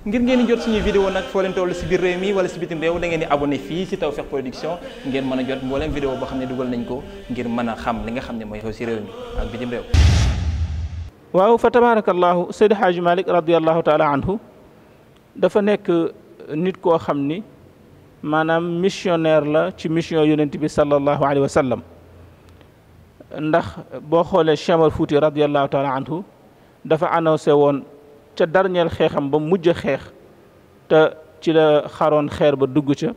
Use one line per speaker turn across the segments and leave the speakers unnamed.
ngir ngeen di jot suñuy vidéo nag foo leen toll si biir réew mi wala si bitim réew da ngeen di abonné fii si Tawfekh Production ngeen mën a jot mbooleem vidéo boo xam ne dugal nañ ko ngir mën a xam li nga xam ne mooy xew si réew mi ak bitim réew waaw fa tabarakallahu Seydi Hadji Malick radiallahu taala anhu dafa nekk nit koo xam ni maanaam missionnaire la ci mission yonent bi sallallahu alayhi wa sallam ndax boo xoolee Cheikh fuuti Fouti radiallahu taala anhu dafa ca dernier xeexam ba mujj xeex te ci la xaroon xeer ba dugg ca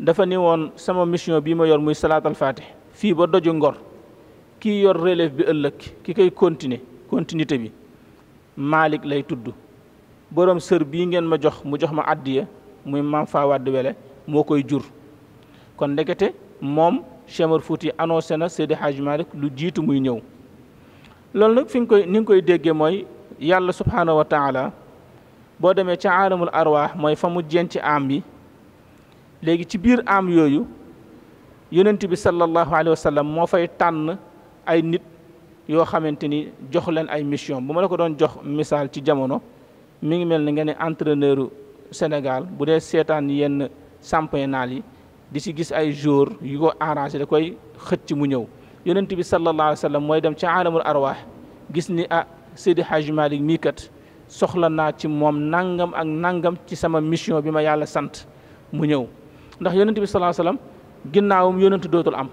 dafa ni woon sama mission bii ma yor muy salaatal faatih fii ba doju ngor kii yor relève bi ëllëg ki kay continuer continuité bi Malick lay tudd borom sër bii ngeen ma jox mu jox ma addiya muy maam faa wadd wele moo koy jur kon ndekete moom Chemar Fouti annoncé na Seydi Hadj Malick lu jiitu muy ñëw loolu nag fi nga koy ni koy déggee mooy yàlla subhaanahu wa taala boo demee ca aalamul arwaax mooy fa mu ci am yi léegi ci biir am yooyu yonent bi sallallahu alayhi wa moo fay tànn ay nit yoo xamante ni jox leen ay mission bu ma la ko doon jox misaal ci jamono mi ngi mel ni nga ne entraîneur Sénégal bu dee seetaan yenn championnat yi di ci gis ay jour yu ko arrangé da koy xëcc mu ñëw yonent bi sallallahu alayhi mooy dem ci aalamul arwaax gis ni ah Seydi Hadji Malick mii kat soxla naa ci moom nangam ak nangam ci sama mission bi ma yàlla sant mu ñëw ndax yonent bi sallallahu alayhi wasallam ginnaawum yonent dootul am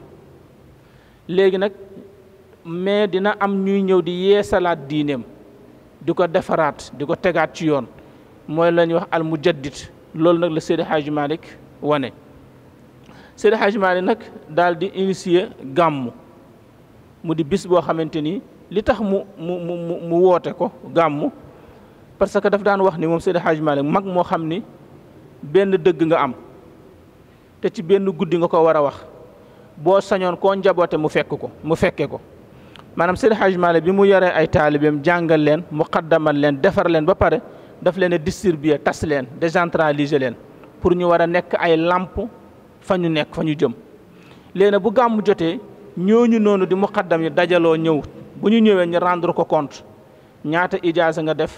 léegi nag mais dina am ñuy ñëw di yeesalaat diineem di ko defaraat di ko tegaat ci yoon mooy la ñuy wax al mujaddid loolu nag la Seydi Hadji Malick wane Seydi Hadji Malick nag daal di initier gàmmu mu di bis boo xamante ni li tax mu mu mu mu woote ko gàmmu parce que daf daan wax ni moom Seydi Hadj Malick mag moo xam ni benn dëgg nga am te ci benn guddi nga ko war a wax boo sañoon koo njaboote mu fekk ko mu fekke ko maanaam Seydi Hadj Malick bi mu yoree ay taalibeem jàngal leen mu xaddamal leen defar leen ba pare daf leen a distribuer tas leen décentraliser leen pour ñu war a nekk ay làmp fa ñu nekk fa ñu jëm léegi nag bu gàmmu jotee ñooñu noonu di muqaddam yi dajaloo ñëw bu ñu ñëwee ñu rendre ko compte ñaata ijaasa nga def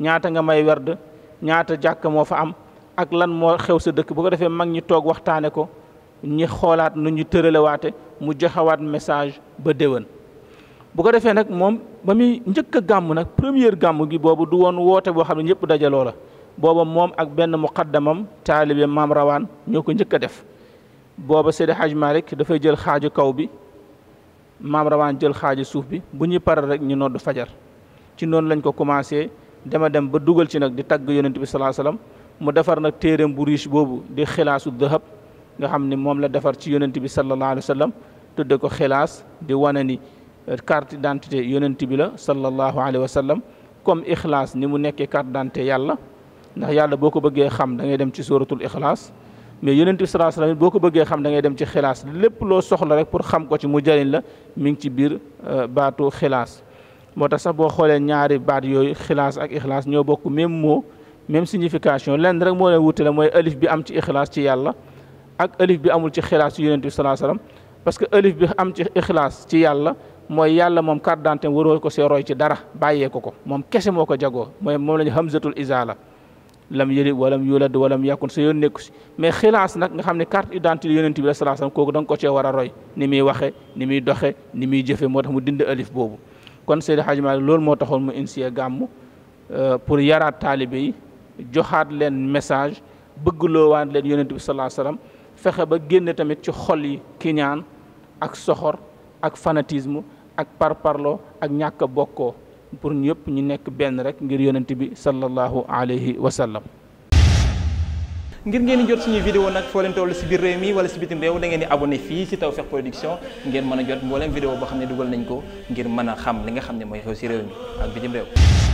ñaata nga may werd ñaata jàkk moo fa am ak lan moo xew sa dëkk bu ko defee mag ñi toog waxtaane ko ñi xoolaat nu ñu tëralewaate mu joxewaat message ba déwén bu ko defee nag moom ba muy njëkk a gàmm nag première gàmm gi boobu du woon woote boo xam ne ñëpp dajaloo la booba moom ak benn mu muqaddamam taalibe maam rawaan ñoo ko njëkk a def booba Seydi Hajj Malick dafay jël xaaju kaw bi maam rawaan jël xaaji suuf bi bu ñuy paree rek ñu nodd fajar ci noonu lañ ko commencé dema dem ba dugal ci nag di tagg yonent bi salaa salaam mu defar nag téeréem bu riche boobu di xilaasu dëhëb nga xam ne moom la defar ci yonent bi sallallahu alayhi wa sallam tudde ko xilaas di wane ni eh, carte d'identité yonent bi la sallallahu alayhi wa sallam comme ixlaas ni mu nekkee carte d'identité yàlla ndax yàlla boo ko bëggee xam da ngay dem ci suratul ixlaas mais yonent bi sallallahu alayhi boo ko bëggee xam da ngay dem ci xilaas lépp loo soxla rek pour xam ko ci mu jëriñ la mi ngi ci biir euh, baatu xilaas moo tax sax boo xoolee ñaari baat yooyu xilaas ak ixlaas ñoo bokk même moo même signification lenn rek moo leen wute la mooy alif bi am ci ixlaas ci yàlla ak alif bi amul ci xilaas ci yonent bi sallallahu parce que alif bi am ci ixlaas ci yàlla mooy yàlla moom carte d'identité waroo ko see roy ci dara bàyyee ko ko moom kese moo ko jagoo mooy moom la ñu hamzatul izala lam yëlid walam yulad walam yakun sa yoon nekku si mais xilaas nag nga xam ne carte d'identité yonent bi la sallallahu alayhi wasallam kooku da nga a roy ni muy waxe ni muy doxe ni muy jëfe moo tax mu dind alif boobu kon Seydi Hadji loolu moo taxoon mu initié gàmmu euh, pour yaraat taalibe yi joxaat leen message bëggloowaat leen yonent bi sallallahu alayhi wasallam fexe ba génne tamit ci xol yi kiñaan ak soxor ak fanatisme ak parparloo ak ñàkk a bokkoo pour ñëpp ñu nekk benn rek ngir yonent bi sallallahu alayhi wa sallam. ngir ngeen jot suñuy vidéo nag foo leen toll si biir réew mi wala si bitim réew da ngeen di abonné fii si Tawfekh Production ngeen mën a jot mbooleem vidéo boo xam ne dugal nañ ko ngir mën a xam li nga xam ne mooy xew si réew mi ak bitim réew.